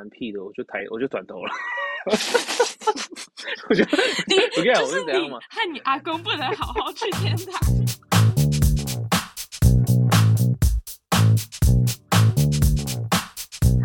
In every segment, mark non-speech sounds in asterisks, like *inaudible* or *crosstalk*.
蠻屁的，我就抬，我就轉頭了。我覺我就你我你阿公不能好好去天堂。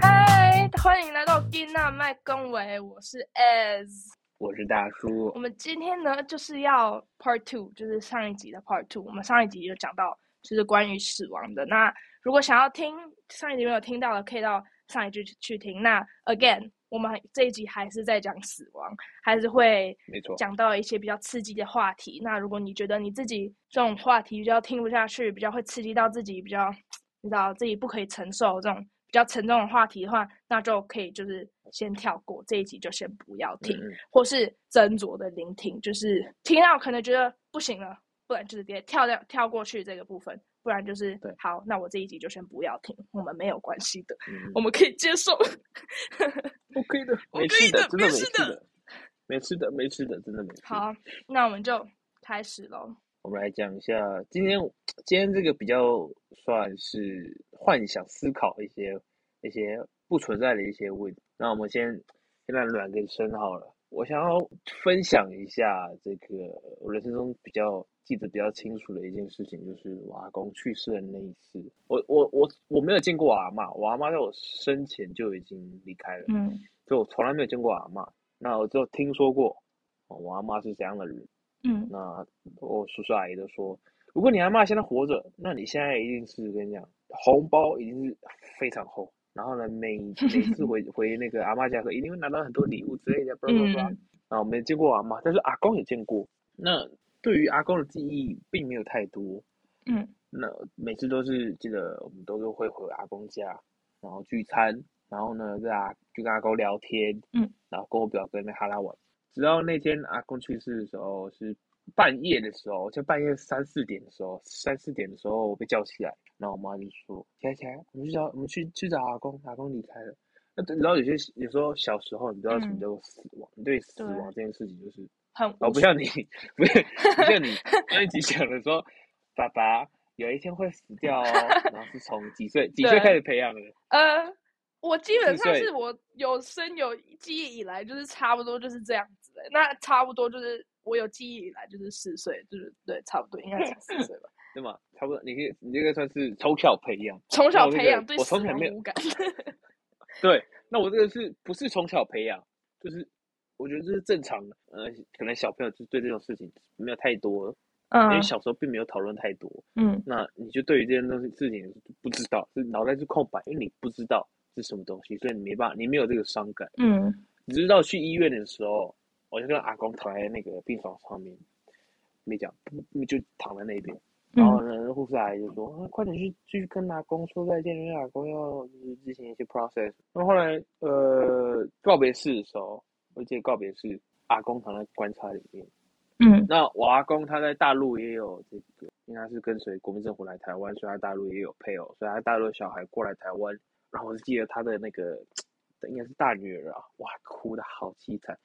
嗨， *laughs* 歡迎來到金納麥克，為我是 s 我是大叔。 *laughs* 我們今天呢，就是要 Part Two，就是上一集的 Part Two。我們上一集就講到，就是關於死亡的。那如果想要聽上一集沒有聽到的，可以到。上一句去聽，那 again，我們這一集還是在講死亡，還是會沒錯講到一些比較刺激的話題。那如果你覺得你自己這種話題比較聽不下去，比較會刺激到自己，比較你知道自己不可以承受這種比較沉重的話題的話，那就可以就是先跳過這一集，就先不要聽嗯嗯，或是斟酌的聆聽，就是聽到可能覺得不行了，不然就是直接跳掉跳過去這個部分。不然就是好，那我這一集就先不要聽，我們沒有關係的，嗯，我們可以接受，OK 的， *laughs* 沒事的，的，真的沒事的，沒事的，沒事的，沒事的沒事的真的沒事。好，那我們就開始嘍。我們來講一下今天今天這個比較算是幻想思考一些一些不存在的一些問題。那我們先先在暖個身好了。我想要分享一下這個我人生中比較。記得比較清楚的一件事情，就是我阿公去世的那一次，我我我我我沒有見過我阿媽，我阿媽在我生前就已經離開了，嗯，就我從來沒有見過我阿媽。那我就聽說過，我阿媽是怎樣的人，嗯。那我叔叔阿姨都說，如果你阿媽現在活着，那你現在一定是跟你講，紅包一定是非常厚。然後呢，每每次回 *laughs* 回那個阿媽家，和一定會拿到很多禮物之類的，然、嗯、啊，不我沒見過我阿媽，但是阿公也見過，那。對於阿公的記憶並沒有太多，嗯，那每次都是記得我們都是會回阿公家，然後聚餐，然後呢在啊就跟阿公聊天，嗯，然後跟我表哥在那哈拉玩，直到那天阿公去世的時候是半夜的時候，就半夜三四點的時候，三四點的時候我被叫起來，然後我媽就說起來起來，我們去找我們去去找阿公，阿公離開了，那你知道有些有時候小時候你知道什麼叫死亡，你、嗯、對死亡這件事情就是。嗯我不，哦、不像你，不，是不像你，我上一集講的說，爸爸有一天會死掉哦。然後是從幾歲 *laughs* 幾歲開始培養的？呃，我基本上是我有生有記憶以來，就是差不多就是這樣子，欸。那差不多就是我有記憶以來就是四歲，就是對，差不多應該才四歲吧。對 *laughs* 嗎？差不多。你你這個算是從小培養，從小培養對，我從小沒有。 *laughs* 對，那我這個是不是從小培養，就是？我覺得這是正常的，呃，可能小朋友就對這種事情沒有太多，uh, 因為小時候並沒有討論太多，嗯，那你就對於這件東西事情不知道，就腦袋是空白，因為你不知道是什麼東西，所以你沒辦法，你沒有這個傷感，嗯，你知道去醫院的時候，我就跟阿公躺在那個病床上面，沒講，就躺在那邊，然後呢，護士阿姨就說，嗯，啊，快點去，去跟阿公說再見，因為阿公要就是進行一些 process，那後來，呃，告別式的時候。我記得告別是阿公躺在棺材裡面，嗯，那我阿公他在大陸也有這個，因為他是跟隨國民政府來台灣，所以他大陸也有配偶，所以他大陸小孩過來台灣，然後我就記得他的那個，應該是大女兒啊，哇，哭得好淒慘，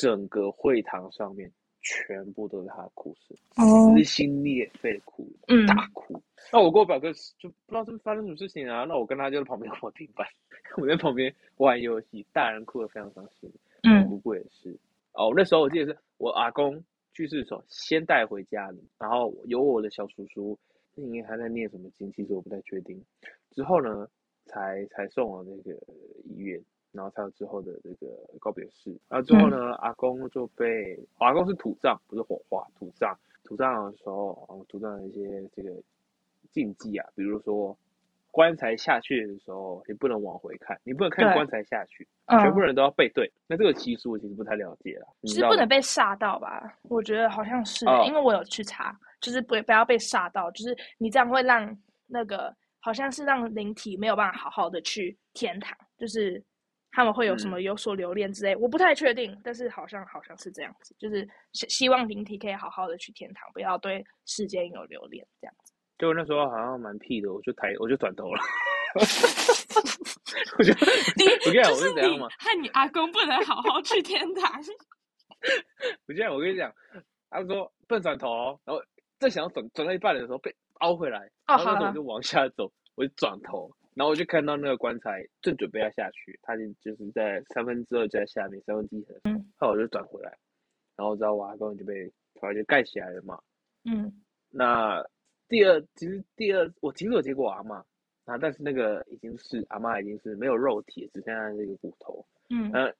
整個會堂上面全部都是他的哭聲，撕心裂肺的哭，嗯，大哭。哦。那我跟我表哥就不知道發生什麼事情啊，那我跟他就在旁邊我聽不我在旁邊玩遊戲，大人哭得非常傷心。嗯，不過也是。哦，那時候我記得是我阿公去世的時候，先帶回家裡，然後有我的小叔叔，那裡面還在念什麼經，其實我不太確定。之後呢，才才送往那個醫院，然後才有之後的這個告別式。然後之後呢，阿、嗯啊、公就被，阿、啊、公是土葬，不是火化，土葬。土葬的時候，啊，土葬的一些這個禁忌啊，比如說。棺材下去的時候，你不能往回看，你不能看棺材下去，全部人都要背對。哦、那這個習俗我其實不太了解了，其實不能被煞到吧？我覺得好像是，哦，因為我有去查，就是不不要被煞到，就是你這樣會讓那個好像是讓靈體沒有辦法好好的去天堂，就是他們會有什麼有所留戀之類，嗯，我不太確定，但是好像好像是這樣子，就是希望靈體可以好好的去天堂，不要對世間有留戀這樣子。就那時候好像蠻屁的，我就抬，我就轉頭了。我覺得，不、就是這樣嘛？害 *laughs* 你阿公不能好好去天堂。 *laughs* *laughs* 我記得我跟你講，他說不能轉頭、哦，然後正想要轉轉到一半的時候，被凹回來，哦、然後那我就往下走，哦、我就轉頭、啊，然後我就看到那個棺材正準備要下去，他就就是在三分之二在下面，三分之一很、嗯，然後我就轉回來，然後我知道我阿公就被突然就蓋起來了嘛。嗯。那。第二，其實第二，我其實有接過我阿嬤，啊，但是那個已經是阿嬤，已經是沒有肉體，只剩下這個骨頭，嗯，呃，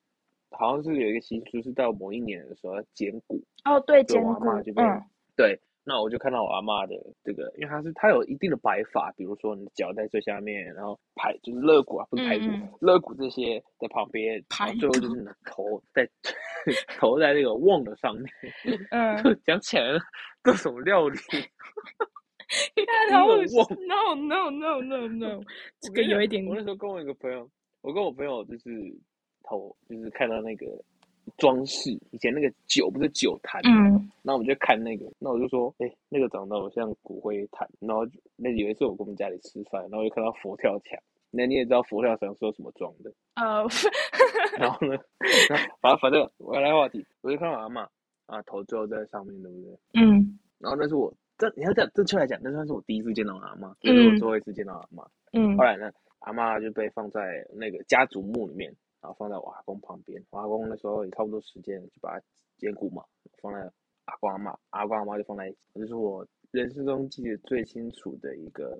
好像是有一個習俗，是到某一年的時候，撿骨，哦，對，撿骨就被、嗯，對，那我就看到我阿嬤的這個，因為她是他有一定的擺法，比如說你的腳在最下面，然後排就是肋骨啊，不是排骨、嗯，肋骨這些在旁邊，然後最後就是你的頭在 *laughs* 頭在那個甕的上面，嗯，講 *laughs* 起來各種料理。 *laughs* *laughs* *laughs* no no no no no，這個有一點。我那時候跟我一個朋友，我跟我朋友就是，頭就是看到那個裝飾，以前那個酒不是酒壇，那、嗯、我們就看那個，那我就說，哎、欸，那個長得好像骨灰壇，然後那有一次我跟我們家裡吃飯，然後又看到佛跳牆，那你也知道佛跳牆是用什麼裝的，哦， *laughs* 然後呢，反正反正，我來話題，我就看到我阿媽，啊頭最後在上面對不對？嗯，然後那是我。正你要這樣正確來講，那算是我第一次見到阿嬤，就是我最後一次見到阿嬤，嗯。後來呢，阿嬤就被放在那個家族墓裡面，然後放在我阿公旁邊。我阿公那時候也差不多時間就把它撿骨嘛，放在阿公阿嬤，阿公阿嬤就放在一起。這是我人生中記得最清楚的一個，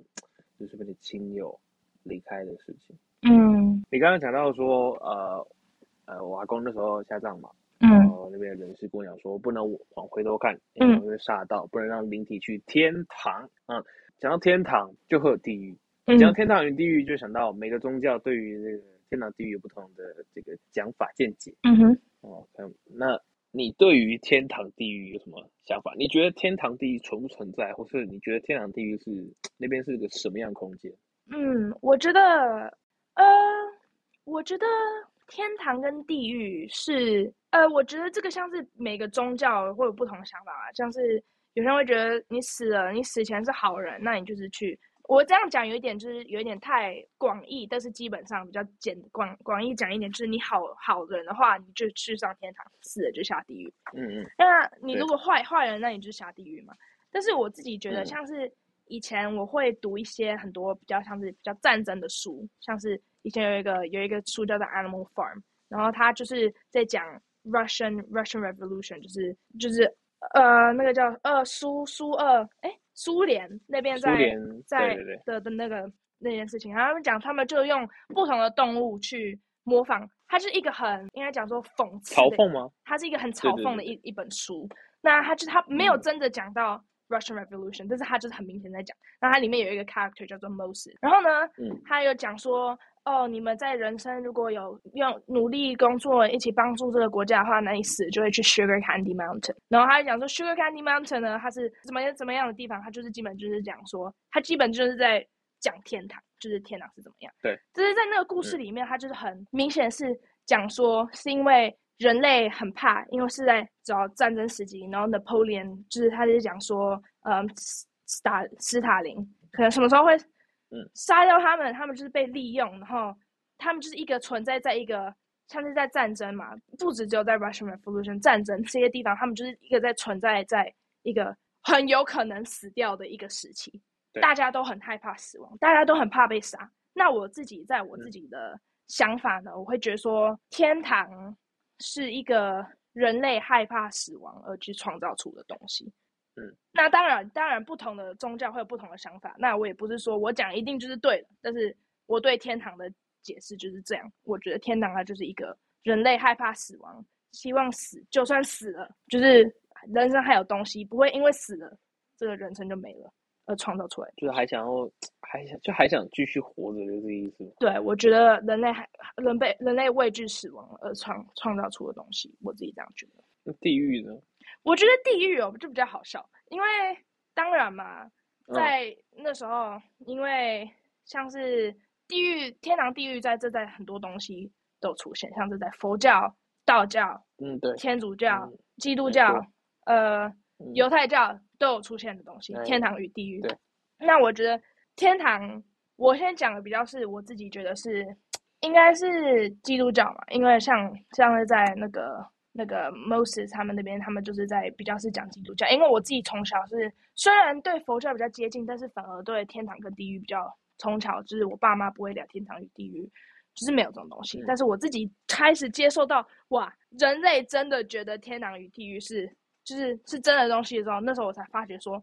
就是被你親友離開的事情。嗯，你剛剛講到說，呃，呃，我阿公那時候下葬嘛。那邊人士姑娘說：“不能往回頭看。”嗯，就殺到，不能讓靈體去天堂。啊、嗯，講到天堂就和，就會有地獄；講到天堂與地獄，就想到每個宗教對於這個天堂、地獄有不同的這個講法見解。嗯哼，哦，那，你對於天堂、地獄有什麼想法？你覺得天堂、地獄存不存在，或是你覺得天堂地、地獄是那邊是個什麼樣的空間？嗯，我覺得，呃，我覺得。天堂跟地獄是，呃，我覺得這個像是每個宗教會有不同的想法啊。像是有些人會覺得你死了，你死前是好人，那你就是去。我這樣講有一點就是有一點太廣義，但是基本上比較簡，廣，廣義講一點，就是你好，好人的話，你就去上天堂；死了就下地獄。嗯嗯。那你如果壞，壞人，那你就下地獄嘛。但是我自己覺得像是。嗯以前我會讀一些很多比較像是比較戰爭的書，像是以前有一個有一個書叫做《Animal Farm》，然後它就是在講 Russian Russian Revolution，就是就是呃那個叫二，呃、蘇蘇二哎蘇聯那邊在在，在的對對對的，的那個那件事情，然後他們講他們就用不同的動物去模仿，它是一個很應該講說諷刺嘲諷嗎？它是一個很嘲諷的一對對對一本書，那它就它沒有真的講到。嗯 Russian Revolution，但是它就是很明顯在講。那它裡面有一個 character 叫做 Moses，然後呢、嗯，他有講說，哦，你們在人生如果有用努力工作一起幫助這個國家的話，那你死就會去 Sugar Candy Mountain。然後他講說，Sugar Candy Mountain 呢，它是怎麼樣怎麼樣的地方？它就是基本就是講說，它基本就是在講天堂，就是天堂是怎麼樣。對，只是在那個故事裡面，它就是很明顯是講說，是因為。人類很怕，因為是在找戰爭時期。然後 Napoleon 就是他就是講說，嗯，斯斯塔斯塔林可能什麼時候會殺掉他們、嗯，他們就是被利用，然後他們就是一個存在在一個像是在戰爭嘛，不止只有在 Russian Revolution 戰爭這些地方，他們就是一個在存在在一個很有可能死掉的一個時期，大家都很害怕死亡，大家都很怕被殺。那我自己在我自己的想法呢，嗯、我會覺得說天堂。是一個人類害怕死亡而去創造出的東西。嗯，那當然，當然不同的宗教會有不同的想法。那我也不是說我講一定就是對的，但是我對天堂的解釋就是這樣。我覺得天堂它就是一個人類害怕死亡，希望死就算死了，就是人生還有東西，不會因為死了，這個人生就沒了，而創造出來。就是還想要。還想，就還想繼續活着，就這個意思。對，我覺得人類還人被人類畏懼死亡而創創造出的東西，我自己這樣覺得。那地獄呢？我覺得地獄哦、喔，就比較好笑，因為當然嘛，在那時候，嗯、因為像是地獄、天堂、地獄在這在很多東西都出現，像是在佛教、道教，嗯，對，天主教、嗯、基督教，嗯、呃，嗯、猶太教都有出現的東西，嗯、天堂與地獄。對。那我覺得。天堂，我先講的比較是我自己覺得是，應該是基督教嘛，因為像像是在那個那個 Moses 他們那邊，他們就是在比較是講基督教。因為我自己從小是雖然對佛教比較接近，但是反而對天堂跟地獄比較。從小就是我爸媽不會聊天堂與地獄，就是沒有這種東西。但是我自己開始接受到，哇，人類真的覺得天堂與地獄是就是是真的東西的時候，那時候我才發覺說。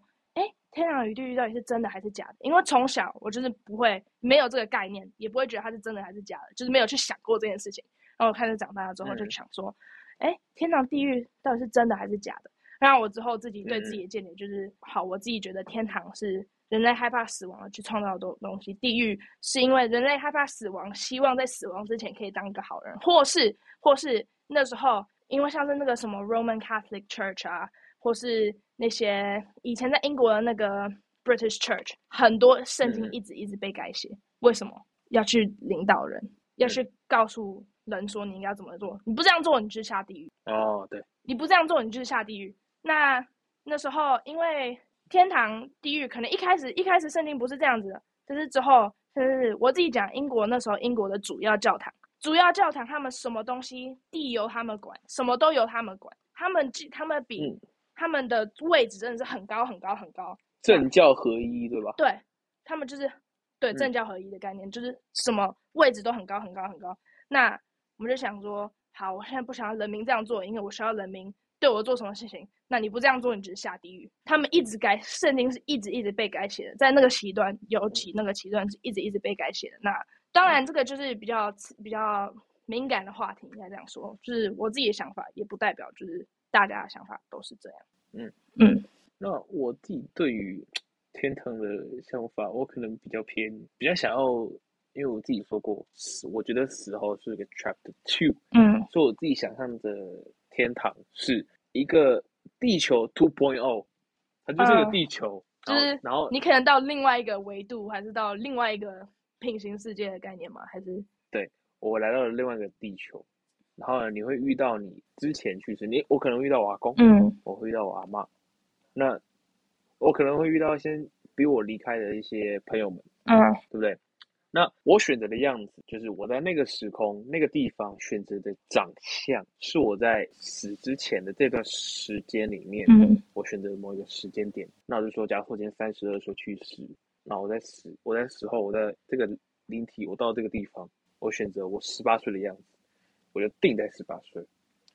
天堂與地獄到底是真的還是假的？因為從小我就是不會沒有這個概念，也不會覺得它是真的還是假的，就是沒有去想過這件事情。然後我開始長大了之後，就想說，哎、嗯欸，天堂、地獄到底是真的還是假的？然後我之後自己對自己的見解就是、嗯，好，我自己覺得天堂是人類害怕死亡而去創造的東東西，地獄是因為人類害怕死亡，希望在死亡之前可以當一個好人，或是或是那時候因為像是那個什麼 Roman Catholic Church 啊。或是那些以前在英國的那個 British Church，很多聖經一直一直被改寫、嗯。為什麼要去領導人？嗯、要去告訴人說你應該怎麼做？你不這樣做，你就下地獄。哦，對，你不這樣做，你就下地獄。那那時候因為天堂地獄，可能一開始一開始聖經不是這樣子的，就是之後，就是我自己講英國那時候英國的主要教堂，主要教堂他們什麼東西地由他們管，什麼都由他們管，他們，他們比。嗯他們的位置真的是很高很高很高，政教合一，對吧？對，他們就是對政教合一的概念、嗯，就是什麼位置都很高很高很高。那我們就想說，好，我現在不想要人民這樣做，因為我需要人民對我做什麼事情。那你不這樣做，你只是下地獄。他們一直改聖經，是一直一直被改寫的，在那個期端，尤其那個期端是一直一直被改寫的。那當然，這個就是比較比較敏感的話題，應該這樣說，就是我自己的想法，也不代表就是。大家的想法都是這樣，嗯嗯。那我自己對於天堂的想法，我可能比較偏，比較想要，因為我自己說過，死我覺得死後是一個 chapter two 嗯，所以我自己想象的天堂是一個地球 two point zero，它就是個地球，就、呃、是然後,是然後你可能到另外一個維度，還是到另外一個平行世界的概念嗎？還是？對，我來到了另外一個地球。然後你會遇到你之前去世你，我可能遇到我阿公，嗯，我會遇到我阿媽，那我可能會遇到一些比我離開的一些朋友們，啊、嗯，對不對？那我選擇的樣子，就是我在那個時空、那個地方選擇的長相，是我在死之前的這段時間裡面的、嗯，我選擇某一個時間點。那就是說，假如說今天三十二歲去世，那我在死，我在死後，我在這個靈體，我到這個地方，我選擇我十八歲的樣子。我就定在十八歲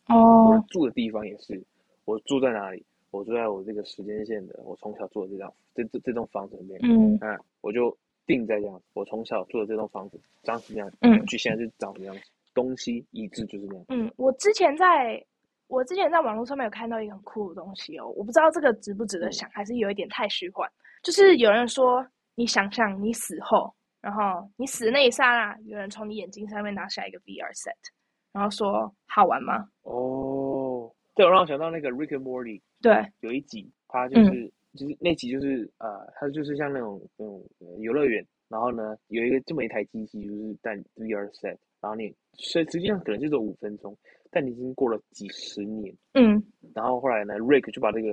，oh. 我住的地方也是，我住在哪裡？我住在我這個時間線的，我從小住的這棟這這這棟房子裡面。嗯那、啊、我就定在這樣子，我從小住的這棟房子長什麼樣，樣去？嗯，就現在是長什麼樣子，東西一致就是這樣。嗯，我之前在，我之前在網絡上面有看到一個很酷的東西哦，我不知道這個值不值得想，還是有一點太虛幻，就是有人說，你想象你死後，然後你死的那一剎那，有人從你眼睛上面拿下一個 VR set。然後說，好玩嗎？哦、oh，這讓我想到那個 Rick and Morty。對，有一集他就是、嗯，就是那集就是呃，他就是像那種那種、嗯、遊樂園，然後呢有一個這麼一台機器，就是在 VR set，然後你實實際上可能就是五分鐘，但你已經過了幾十年。嗯。然後後來呢，Rick 就把這個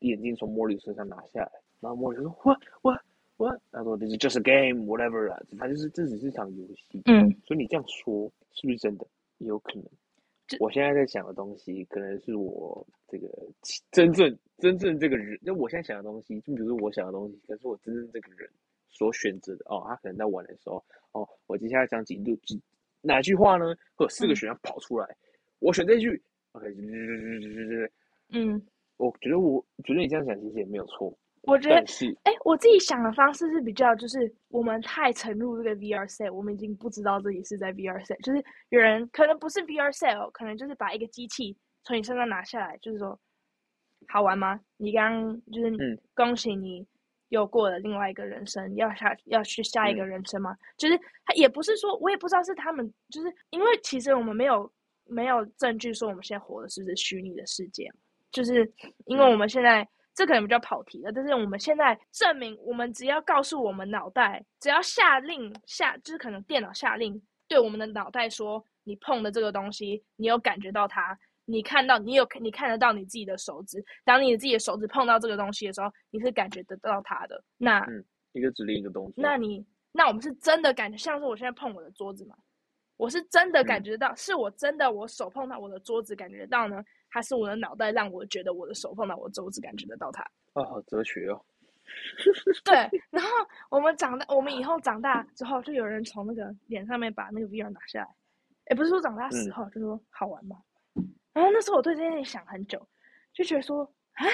眼鏡從 Morty 身上拿下來，然後 Morty 就說：“What? What? What?” 他說：“這是 just a game，whatever 啊，他就是這只是一場遊戲。”嗯。所以你這樣說是不是真的？有可能，我現在在想的東西，可能是我這個真正真正這個人。就我現在想的東西，就比如說我想的東西，可是我真正這個人所選擇的哦，他可能在玩的時候，哦，我接下來講幾度幾哪句話呢？會有四個選項跑出來、嗯，我選這句，OK，嗯，我覺得我覺得你這樣想其實也沒有錯。我覺得，哎，我自己想的方式是比較，就是我們太沉入這個 VRC，我們已經不知道自己是在 VRC，就是有人可能不是 VRC，可能就是把一個機器，從你身上拿下來，就是說好玩嗎？你剛剛就是恭喜你有過了另外一個人生，嗯、要下要去下一個人生嗎？嗯、就是他也不是說，我也不知道是他們，就是因為其實我們沒有沒有證據說我們現在活的是不是虛擬的世界，就是因為我們現在、嗯。這可能比較跑題了，但是我們現在證明，我們只要告訴我們腦袋，只要下令下，就是可能電腦下令對我們的腦袋說，你碰的這個東西，你有感覺到它，你看到你有你看得到你自己的手指，當你自己的手指碰到這個東西的時候，你是感覺得到它的。那，嗯，一個指令一個東西。那你那我們是真的感覺，像是我現在碰我的桌子嗎？我是真的感覺到，嗯，是我真的我手碰到我的桌子感覺到呢？還是我的腦袋讓我覺得我的手放到我這，我只感覺得到它啊，哦、好哲學哦。 *laughs* 對，然後我們長大，我們以後長大之後，就有人從那個臉上面把那個 VR 拿下來。也不是說長大時候、嗯、就說好玩嗎？然後那時候我對這件事想很久，就覺得說啊，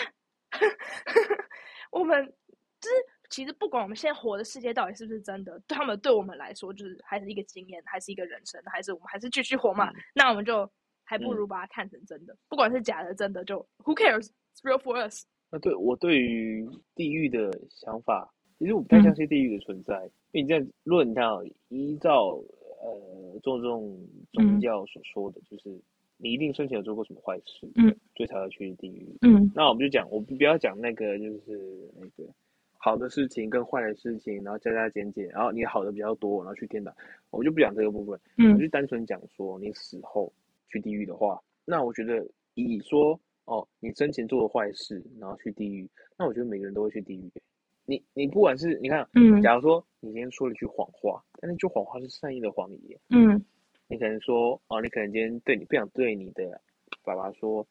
*laughs* 我們就是其實不管我們現在活的世界到底是不是真的，他們對我們來說就是還是一個經驗，還是一個人生，還是我們還是繼續活嘛？嗯、那我們就。還不如把它看成真的，嗯、不管是假的，真的就 Who cares? It's real for us。那對我對於地獄的想法，其實我不太相信地獄的存在、嗯。因為你這樣論到依照呃，這種、這種宗教所說的、嗯、就是你一定生前有做過什麼壞事，嗯，所以才要去地獄，嗯。那我們就講，我們不要講那個就是那個好的事情跟壞的事情，然後加加減減，然後你好的比較多，然後去天堂。我就不講這個部分，嗯，我就單純講說你死後。去地獄的話，那我覺得以說哦，你生前做的壞事，然後去地獄，那我覺得每個人都會去地獄。你你不管是你看，假如說你今天說了一句謊話，嗯、但那句謊話是善意的謊言，嗯，你可能說啊、哦，你可能今天對你不想對你的爸爸說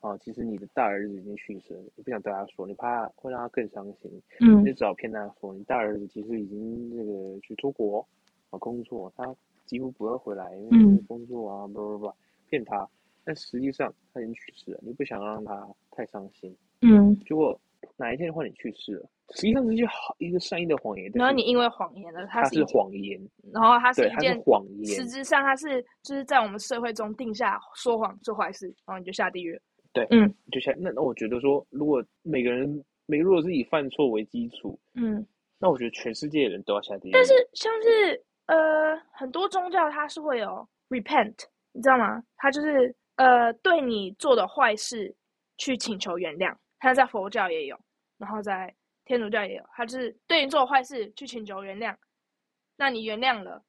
啊、哦，其實你的大兒子已經去世了，你不想對他說，你怕會讓他更傷心，嗯，你就只好騙他說、嗯、你大兒子其實已經這個去出國啊工作，他幾乎不會回來，因為工作啊，不不不。Blah blah blah 騙他，但實際上他已經去世了。你不想讓他太傷心，嗯。結果哪一天的話，你去世了，實際上就是好一個善意的謊言，對。然後你因為謊言了，他是謊言，然後他是謊言。實質上他是就是在我們社會中定下說謊做壞事，然後你就下地獄。對，嗯，就像那那我覺得說，如果每個人每個如果是以犯錯為基礎，嗯，那我覺得全世界的人都要下地獄。但是像是呃很多宗教，它是會有 repent。你知道嗎？他就是呃，對你做的壞事去請求原諒。他在佛教也有，然後在天主教也有。他就是對你做的壞事去請求原諒。那你原諒了，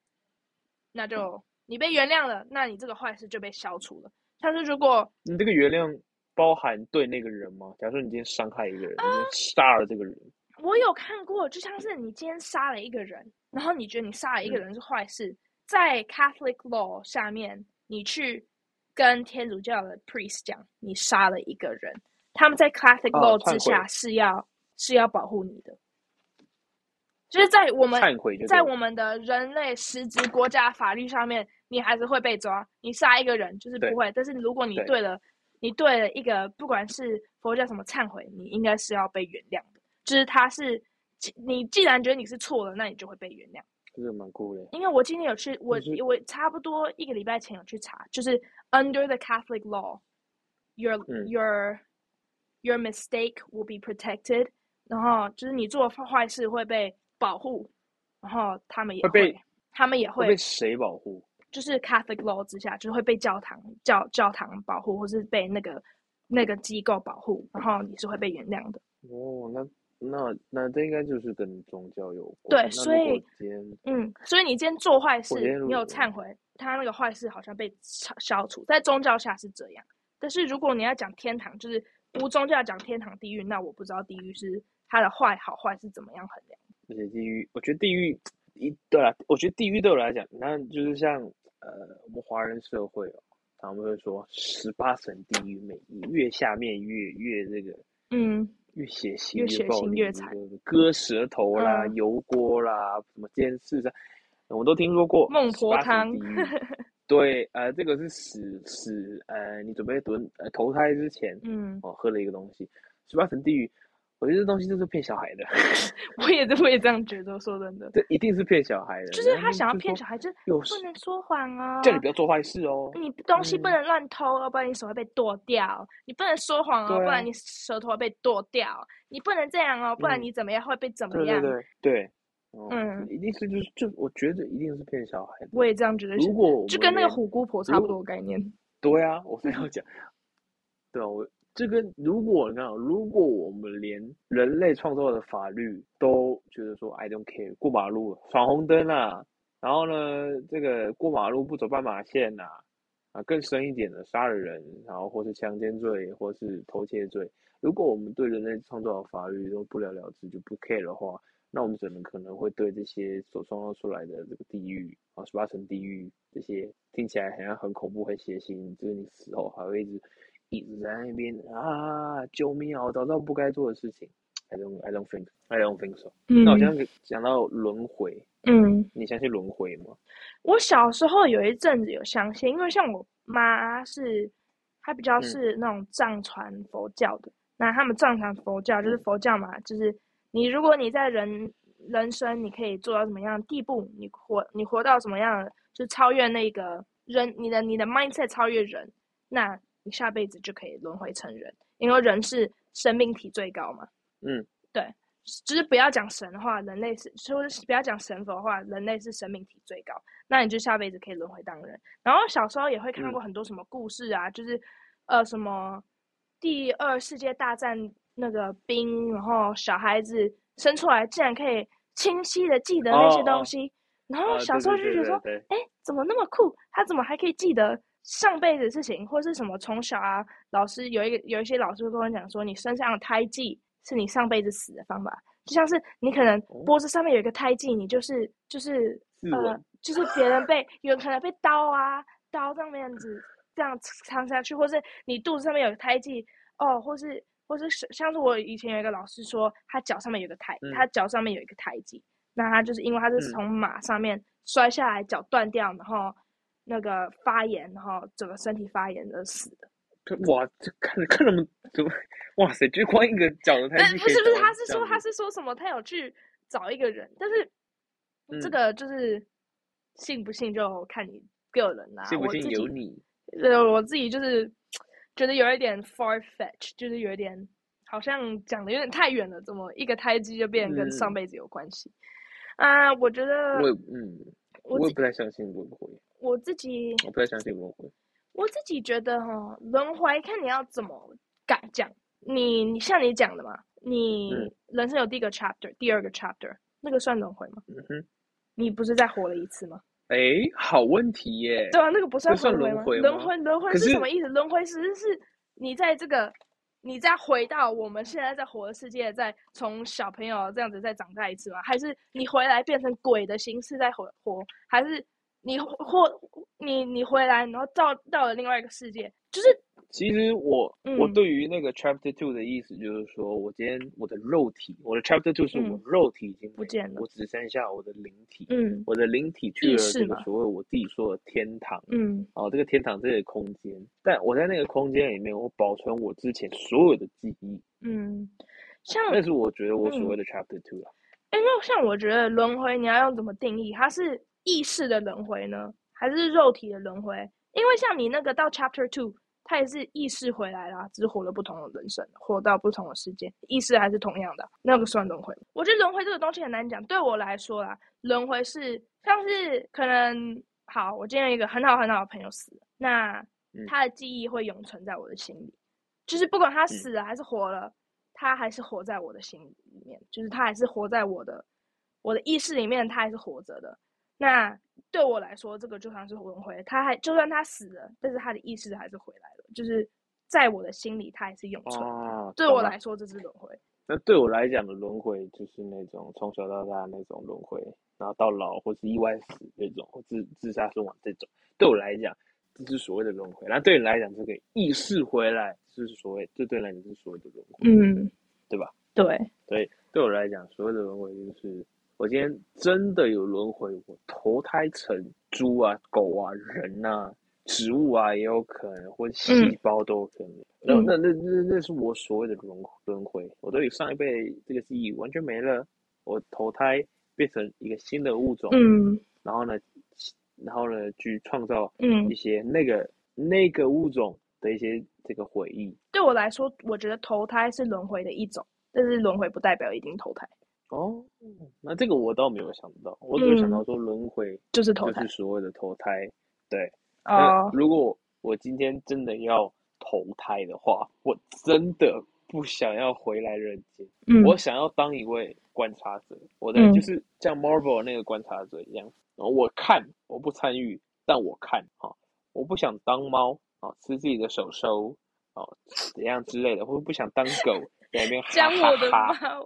那就你被原諒了，那你這個壞事就被消除了。但是，如果你這個原諒包含對那個人嗎？假如說你今天傷害一個人，呃、你就殺了這個人，我有看過，就像是你今天殺了一個人，然後你覺得你殺了一個人是壞事，嗯、在 Catholic Law 下面。你去跟天主教的 priest 講，你殺了一個人，他們在 classic law、哦、之下是要是要保護你的，就是在我們懺悔，在我們的人類實質國家法律上面，你還是會被抓。你殺一個人就是不會，但是如果你對了對，你對了一個，不管是佛教什麼懺悔，你應該是要被原諒的。就是他，是你既然覺得你是錯了，那你就會被原諒。就、這、是、個、蠻酷的。因為我今天有去，我我差不多一個禮拜前有去查，就是 Under the Catholic Law, your、嗯、your your mistake will be protected。然後就是你做壞事會被保護，然後他們也會，會被他們也會，會被誰保護？就是 Catholic Law 之下，就是會被教堂教教堂保護，或是被那個那個機構保護，然後你是會被原諒的。哦，那。那那這應該就是跟宗教有關。對，所以，嗯，所以你今天做壞事，你有懺悔，他那個壞事好像被消消除，在宗教下是這樣。但是如果你要講天堂，就是無宗教講天堂地獄，那我不知道地獄是它的壞好壞是怎麼樣衡量。而且地獄，我覺得地獄，一對啊，我覺得地獄對我來講，那就是像呃，我們華人社會哦、喔，他們會說十八層地獄，每一越下面越越這個，嗯。越血腥，越暴力，越血腥越慘，割舌頭啦、嗯，油鍋啦，什麼煎柿，這我都聽說過，過。孟婆湯，對，呃，這個是死死，呃，你準備蹲投，投胎之前，嗯，我、哦、喝了一個東西，十八層地獄。我覺得這東西就是騙小孩的， *laughs* 我也這我也這樣覺得。說真的，這一定是騙小孩的。就是他想要騙小孩，嗯、就、就是，不能說謊啊，哦！叫你不要做壞事哦！你東西不能亂偷、嗯，哦，不然你手會被剁掉。你不能說謊哦，啊，不然你舌頭會被剁掉。你不能這樣哦，嗯、不然你怎麼樣會被怎麼樣？對對對，對，嗯，嗯，一定是就是就我覺得一定是騙小孩的。我也這樣覺得。如果就跟那個虎姑婆差不多的概念。對啊，我非要講，嗯，對啊我。這個，如果呢，如果我們連人類創造的法律都覺得說 I don't care，過馬路闖紅燈啊，然後呢，這個過馬路不走斑馬線啊，啊更深一點的殺了人，然後或是強姦罪，或是偷竊罪，如果我們對人類創造的法律都不了了之就不 care 的話，那我們怎麼可能會對這些所創造出來的這個地獄啊，十八層地獄這些聽起來好像很恐怖很血腥，就是你死後還會一直。一直在那邊啊！救命啊！我找到不該做的事情。I don't, I don't think, I don't think so、嗯。那我現在講到輪迴，嗯，你相信輪迴嗎？我小時候有一陣子有相信，因為像我媽是，她比較是那種藏傳佛教的、嗯。那他們藏傳佛教就是佛教嘛、嗯，就是你如果你在人人生你可以做到什麼樣的地步，你活你活到什麼樣的，就超越那個人，你的你的 mindset 超越人那。你下輩子就可以輪回成人，因為人是生命體最高嘛。嗯，對，就是不要講神話，人類是，就是不要講神佛話，人類是生命體最高。那你就下輩子可以輪回當人。然後小時候也會看過很多什麼故事啊，嗯、就是呃什麼第二世界大戰那個兵，然後小孩子生出來竟然可以清晰的記得那些東西，哦哦然後小時候就覺得說，哎、嗯嗯欸，怎麼那麼酷？他怎麼還可以記得？上輩子的事情，或是什麼從小啊，老師有一個有一些老師跟我講說，你身上的胎記是你上輩子死的方法，就像是你可能脖子上面有一個胎記，哦、你就是就是,是呃就是別人被有可能被刀啊刀上面子這樣傷下去， *laughs* 或是你肚子上面有個胎記哦，或是或是像是我以前有一個老師說，他腳上面有個胎，嗯、他腳上面有一個胎記，那他就是因為他是從馬上面摔下來腳斷，腳斷掉，然後。那個發炎，然後整個身體發炎而死。哇，這看看那麼怎麼，哇塞，就光一個講的胎記、嗯。但他是不是？他是說，他是說什麼？他有去找一個人，但是、嗯、這個就是信不信就看你個人啦、啊。信不信由你？對，我自己就是覺得有一點 far-fetched，就是有一點好像講的有點太遠了，怎麼一個胎記就變成跟上輩子有關係？啊、嗯，uh, 我覺得，嗯。我也不太相信輪迴，我自己我不太相信輪迴。我自己覺得哈，輪迴看你要怎麼敢講。你像你講的嘛，你、嗯、人生有第一個 chapter，第二個 chapter，那個算輪迴嗎？嗯哼，你不是再活了一次嗎？誒、欸，好問題耶、欸！對啊，那個不算輪迴嗎？輪迴輪迴是什麼意思？輪迴其實是你在這個。你再回到我們現在在活的世界，再從小朋友這樣子再長大一次嗎？還是你回來變成鬼的形式再活活？還是？你或你你回來，然後到到了另外一個世界，就是其實我、嗯、我對於那個 chapter two 的意思，就是說我今天我的肉體，我的 chapter two 是我肉體已經、嗯、不見了，我只剩下我的靈體，嗯，我的靈體去了這個所謂我自己說的天堂，嗯，哦，這個天堂這個空間，但我在那個空間裡面，我保存我之前所有的記憶，嗯，像那是我覺得我所謂的 chapter two 啊、嗯、欸，因為像我覺得輪迴，你要用怎麼定義？它是。意識的輪迴呢，還是肉體的輪迴？因為像你那個到 Chapter Two，他也是意識回來了，只是活了不同的人生，活到不同的世界，意識還是同樣的，那個算輪迴。我覺得輪迴這個東西很難講。對我來說啦，輪迴是像是可能，好，我見了一個很好很好的朋友死了，那他的記憶會永存在我的心裡，就是不管他死了還是活了，他還是活在我的心裡面，就是他還是活在我的我的意識裡面，他還是活着的。那對我來說，這個就算是輪迴。他還就算他死了，但是他的意識還是回來了，就是在我的心裡，他還是永存。啊、對我來說，這是輪迴、啊。那對我來講的輪迴，就是那種從小到大那種輪迴，然後到老或是意外死那種，自自殺身亡這種。對我來講，這是所謂的輪迴。那對你來講，這個意識回來，就是所謂，這對你來講是所謂的輪迴。嗯對，對吧？對。所以對我來講，所謂的輪迴就是。我今天真的有輪迴，我投胎成豬啊、狗啊、人啊、植物啊，也有可能，或者細胞都有可能。嗯、那、嗯、那那那那是我所謂的輪輪迴。我對於上一輩這個記憶完全沒了，我投胎變成一個新的物種，嗯、然後呢，然後呢去創造一些那個、嗯、那個物種的一些這個回憶。對我來說，我覺得投胎是輪迴的一種，但是輪迴不代表一定投胎。哦，那這個我倒沒有想到，我只是想到說輪迴就是，、嗯、就是投胎，所謂的投胎。對，啊、哦、如果我今天真的要投胎的話，我真的不想要回來人間、嗯，我想要當一位觀察者，我的、嗯、就是像 Marvel 那個觀察者一樣，然後我看，我不參與，但我看啊、哦，我不想當貓啊、哦，吃自己的手收哦，怎樣之類的， *laughs* 或者不，不想當狗，在那邊 *laughs* 哈哈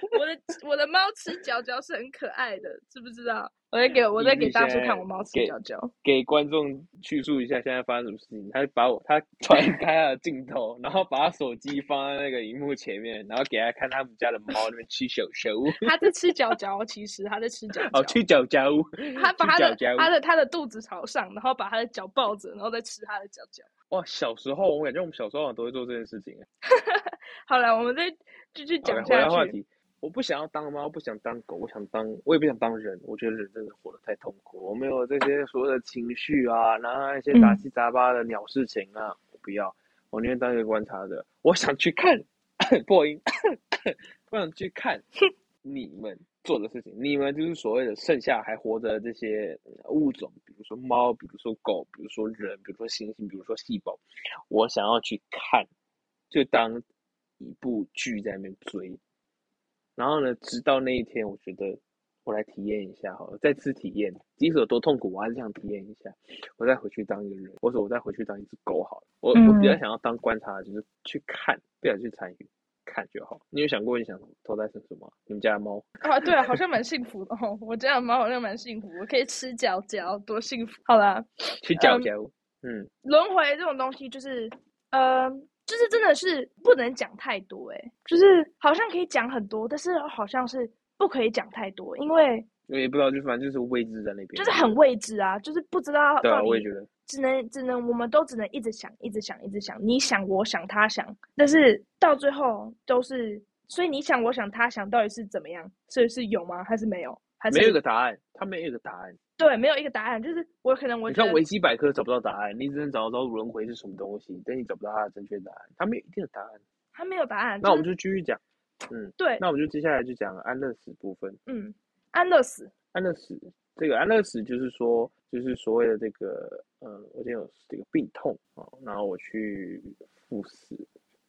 *laughs* 我的貓吃腳腳是很可愛的，知不知道？我在給我在給大叔看我貓吃腳腳，給觀眾敘述一下現在發生什麼事情。他把我他轉開了鏡頭，然後把手機放在那個熒幕前面，然後給他看他們家的貓邊吃腳腳。他在吃腳腳，其實他在吃腳 *laughs* 哦，吃腳腳。他把他的腳腳他的他的，他的肚子朝上，然後把他的腳抱着，然後再吃他的腳腳。哇，小時候我感覺我們小時候好像都會做這件事情。 *laughs* 好了，我們再繼續講下去 okay, 話題。我不想要當貓，不想當狗，我想當，我也不想當人。我覺得人真的活得太痛苦，我沒有這些所有的情緒啊，然後一些雜七雜八的鳥事情啊，我不要。我寧願當一個觀察者。我想去看破 *coughs* 音， *coughs* 我想去看你們做的事情。你們就是所謂的剩下還活着的這些物種，比如說貓，比如說狗，比如說人，比如說猩猩，比如說細胞。我想要去看，就當一部劇在那邊追。然後呢？直到那一天，我覺得我來體驗一下好了。再次體驗，即使有多痛苦，我還是想體驗一下。我再回去當一個人，或者我再回去當一隻狗好了。我我比較想要當觀察，就是去看，不想去參與，看就好。你有想過你想投胎成什麼？你們家的貓啊，對啊，好像蠻幸福的哈。我家的貓好像蠻幸福，我可以吃腳腳，多幸福。好啦，去腳腳，嗯，輪迴這種東西就是，嗯。就是真的是不能講太多哎、欸，就是好像可以講很多，但是好像是不可以講太多，因為、啊、因為也不知道，就反正就是未知在那邊，就是很未知啊，啊就是不知道。對，我也覺得。只能只能，我們都只能一直想，一直想，一直想。你想，我想，他想，但是到最後都是，所以你想，我想，他想到底是怎麼樣？所以是有嗎，還是沒有？還沒有一個答案，他沒有一個答案。對，沒有一個答案，就是我可能我你看維基百科找不到答案，你只能找得到輪迴是什麼東西，但你找不到它的正確答案，它沒有一定的答案，它沒有答案，就是。那我們就繼續講，嗯，對，那我們就接下來就講安樂死部分。嗯，安樂死，安樂死，這個安樂死就是說，就是所謂的這個，嗯，我有，有這個病痛啊，然後我去赴死，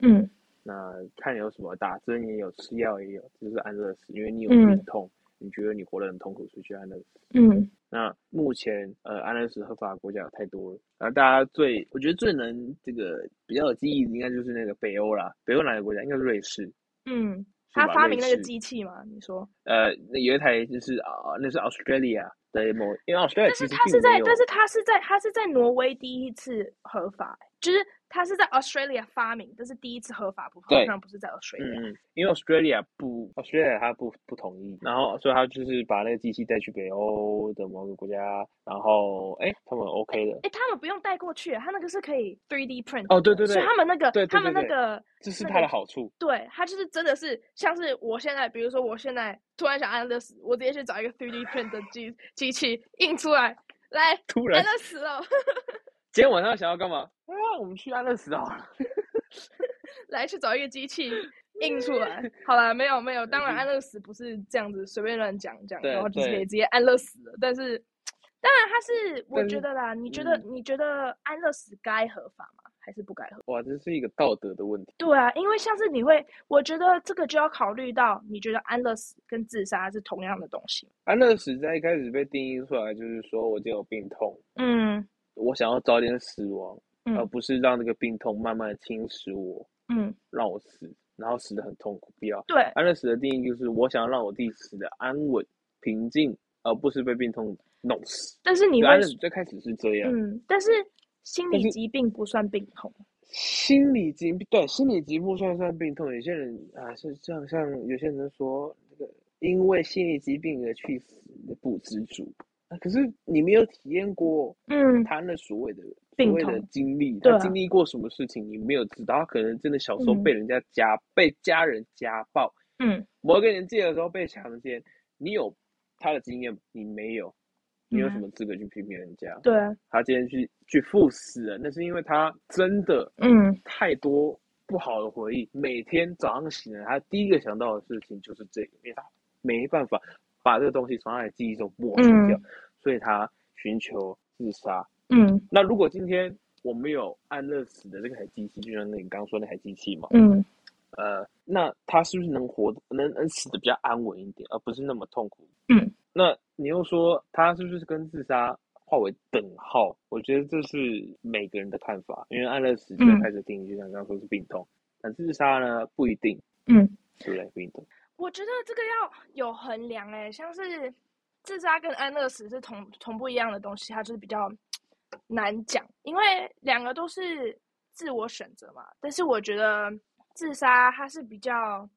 嗯，那看有什麼打針也有，吃藥也有，就是安樂死，因為你有病痛。嗯你覺得你活得很痛苦，所以就安樂死。嗯，那目前呃，安樂死合法國家有太多了，然、啊、後大家最我覺得最能這個比較有記憶的，應該就是那個北歐啦。北歐哪個國家？應該是瑞士。嗯，他發明那個機器嗎？你說。呃，那有一台就是啊、呃，那是 Australia 的某，因為 Australia 其實並沒有。但是它是在，但是它是在，它是，是在挪威第一次合法，就是。他是在 Australia 發明，但是第一次合法不，當然不是在 Australia、嗯、因為 Australia 不 Australia 他，不不同意，然後所以他就是把那個機器帶去北歐的某個國家，然後哎、欸，他們 OK 的，哎、欸欸，他們不用帶過去、啊，他那個是可以 3D print，哦對對對，所以他們那個，對對對對他們、那個、對對對那個，這是他的好處，對，他就是真的是，像是我現在，比如說我現在突然想安樂死，我直接去找一個 3D print 的機機 *laughs* 器印出來，來，突然安樂死了。 *laughs* 今天晚上想要幹嘛？啊，我們去安樂死好了。 *laughs* 來去找一個機器 *laughs* 印出來。好了，沒有沒有，當然安樂死不是這樣子隨便亂講講，然後就是可以直接安樂死了。但是，當然他是，是我覺得啦，你覺得、嗯、你覺得安樂死該合法嗎？還是不該合法？哇，這是一個道德的問題。對啊，因為像是你會，我覺得這個就要考慮到，你覺得安樂死跟自殺是同樣的東西？安樂死在一開始被定義出來，就是說我就有病痛。嗯。我想要早點死亡、嗯，而不是讓那個病痛慢慢的侵蝕我。嗯，讓我死，然後死得很痛苦，不要。對，安樂死的定義就是我想要讓我弟死得安穩、平靜，而不是被病痛弄死。但是你們安樂死最開始是這樣、嗯，但是心理疾病不算病痛。心理疾病對，心理疾病算不算病痛？有些人啊，是像像有些人說，個因為心理疾病而去死的不知足。可是你沒有體驗過，嗯，他那所謂的、嗯、所謂的經歷，他經歷過什麼事情，你沒有知道、啊。他可能真的小時候被人家家、嗯、被家人家暴，嗯，某個年紀的時候被強姦、嗯，你有他的經驗，你沒有，嗯，你有什麼資格去批評人家？對啊，他今天去去赴死了，那是因為他真的，嗯，太多不好的回憶、嗯。每天早上醒來，他第一個想到的事情就是這個，因為他沒辦法。把這個東西從他的記憶中抹除掉，嗯、所以他尋求自殺。嗯,那如果今天我們有安樂死的那台機器，就像你剛剛說那台機器嘛，嗯，呃，那他是不是能活能能死的比較安穩一點，而不是那麼痛苦？嗯，那你又說他是不是跟自殺劃為等號？我覺得這是每個人的看法，因為安樂死就開始定義就像剛剛說是病痛，嗯、但自殺呢不一定，嗯，對不是不認同。我覺得這個要有衡量哎、欸，像是自殺跟安樂死是同同不一樣的東西，它就是比較難講，因為兩個都是自我選擇嘛。但是我覺得自殺它是比較，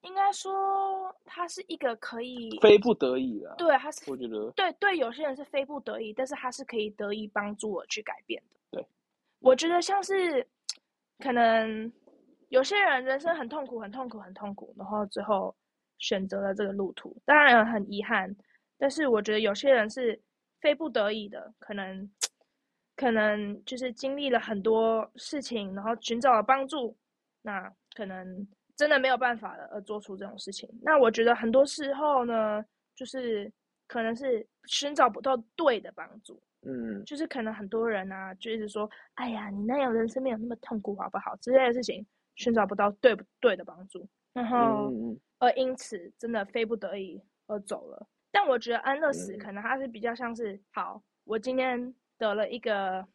應該說它是一個可以非不得已的、啊，對，它是我覺得對對，對有些人是非不得已，但是它是可以得以幫助我去改變的。對，我覺得像是可能。有些人人生很痛苦，很痛苦，很痛苦，然後最後選擇了這個路途，當然很遺憾，但是我覺得有些人是非不得已的，可能，可能就是經歷了很多事情，然後尋找了幫助，那可能真的沒有辦法了，而做出這種事情。那我覺得很多時候呢，就是可能是尋找不到對的幫助，嗯，就是可能很多人啊，就是說，哎呀，你那樣人生沒有那麼痛苦好不好？之類的事情。尋找不到對不對的幫助，然後而因此真的非不得已而走了。但我覺得安樂死可能它是比較像是、嗯，好，我今天得了一個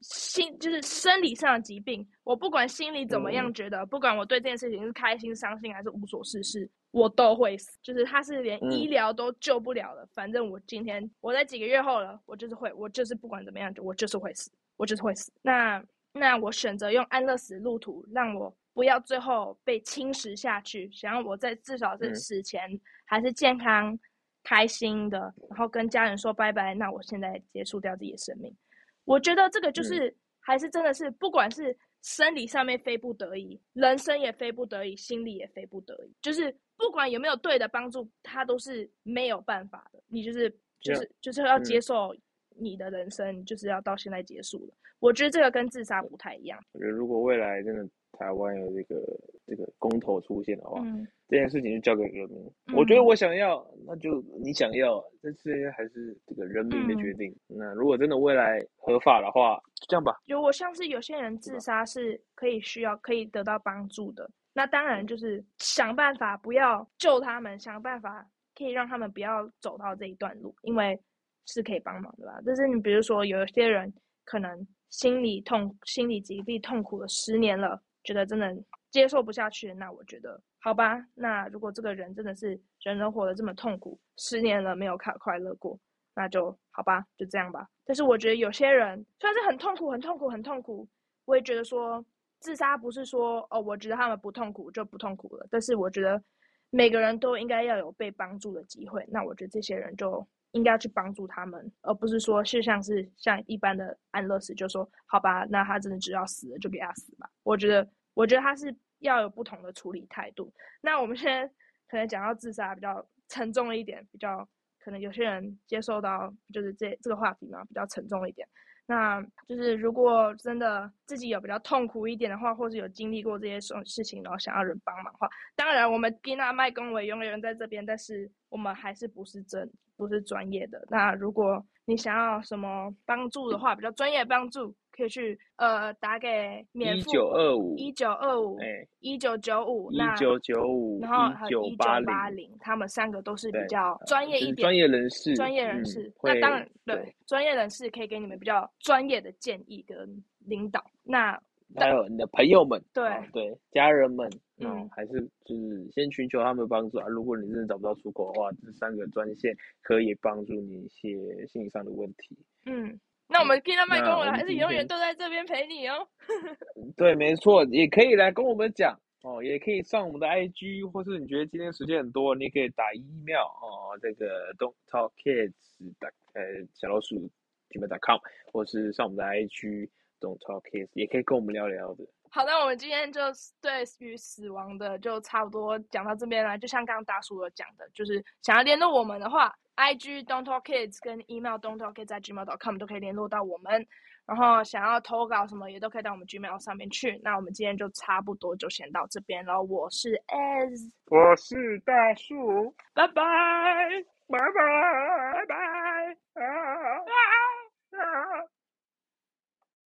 心就是生理上的疾病，我不管心理怎麼樣覺得、嗯，不管我對這件事情是開心、傷心還是無所事事，我都會死。就是他是連醫療都救不了了、嗯，反正我今天我在幾個月後了，我就是會，我就是不管怎麼樣，我就是會死，我就是會死。那。那我選擇用安樂死路途，讓我不要最後被侵蝕下去，想要我在至少是死前還是健康、mm. 開心的，然後跟家人說拜拜。那我現在結束掉自己的生命，我覺得這個就是、mm. 還是真的是，不管是生理上面非不得已，人生也非不得已，心理也非不得已，就是不管有沒有對的幫助，他都是沒有辦法的。你就是就是、yeah. 就是要接受你的人生，mm. 就是要到現在結束了。我覺得這個跟自殺不太一樣。我覺得如果未來真的台灣有這個這個公投出現的話、嗯，這件事情就交給人民、嗯。我覺得我想要，那就你想要，但是還是這個人民的決定、嗯。那如果真的未來合法的話，這樣吧。如果像是有些人自殺是可以需要可以得到幫助的，那當然就是想辦法不要救他們，想辦法可以讓他們不要走到這一段路，因為是可以幫忙的吧。但是你比如說，有些人可能。心理痛，心理疾病痛苦了十年了，覺得真的接受不下去。那我覺得，好吧，那如果這個人真的是人人活得這麼痛苦，十年了沒有快快樂過，那就好吧，就這樣吧。但是我覺得有些人雖然是很痛苦，很痛苦，很痛苦，我也覺得說自殺不是說哦，我覺得他們不痛苦就不痛苦了。但是我覺得每個人都應該要有被幫助的機會。那我覺得這些人就。應該要去幫助他們，而不是說是像是像一般的安樂死，就說好吧，那他真的只要死了，就給他死吧。我覺得，我覺得他是要有不同的處理態度。那我們現在可能講到自殺比較沉重一點，比較可能有些人接受到就是這這個話題嘛，比較沉重一點。那就是如果真的自己有比較痛苦一點的話，或是有經歷過這些事事情，然後想要人幫忙的話，當然我們蒂娜麥公維永遠在這邊，但是我們還是不是真的。不是專業的，那如果你想要什麼幫助的話，比較專業幫助可以去呃打給免付一九二五一九二五，哎一九九五一九九五，然後一九八零他們三個都是比較專業一點對、就是、專業人士專業人士、嗯、那當然對專業人士可以給你們比較專業的建議跟領導，那還有你的朋友們對對家人們。嗯，嗯，還是就是先尋求，求他們的幫助啊。如果你真的找不到出口的話，這三個專線可以幫助你一些心理上的問題。嗯，那我們聽到麥多，我還是永遠都在這邊陪你哦。 *laughs* 對，沒錯，也可以來跟我們講哦，也可以上我們的 IG，或是你覺得今天時間很多，你可以打 email 哦，這個 don't talk kids 打呃小老鼠 gmail.com 或是上我們的 IG don't talk kids，也可以跟我們聊聊的。好，那我們今天就對於死、死亡的就差不多講到這邊了。就像剛剛大叔有講的，就是想要聯絡我們的話，IG don't talk kids 跟 email don't talk kids 在 gmail dot com 都可以聯絡到我們。然後想要投稿什麼也都可以到我們 Gmail 上面去。那我們今天就差不多就先到這邊了。我是 S，我是大叔，拜拜，拜拜，拜拜，啊拜拜。拜拜拜拜。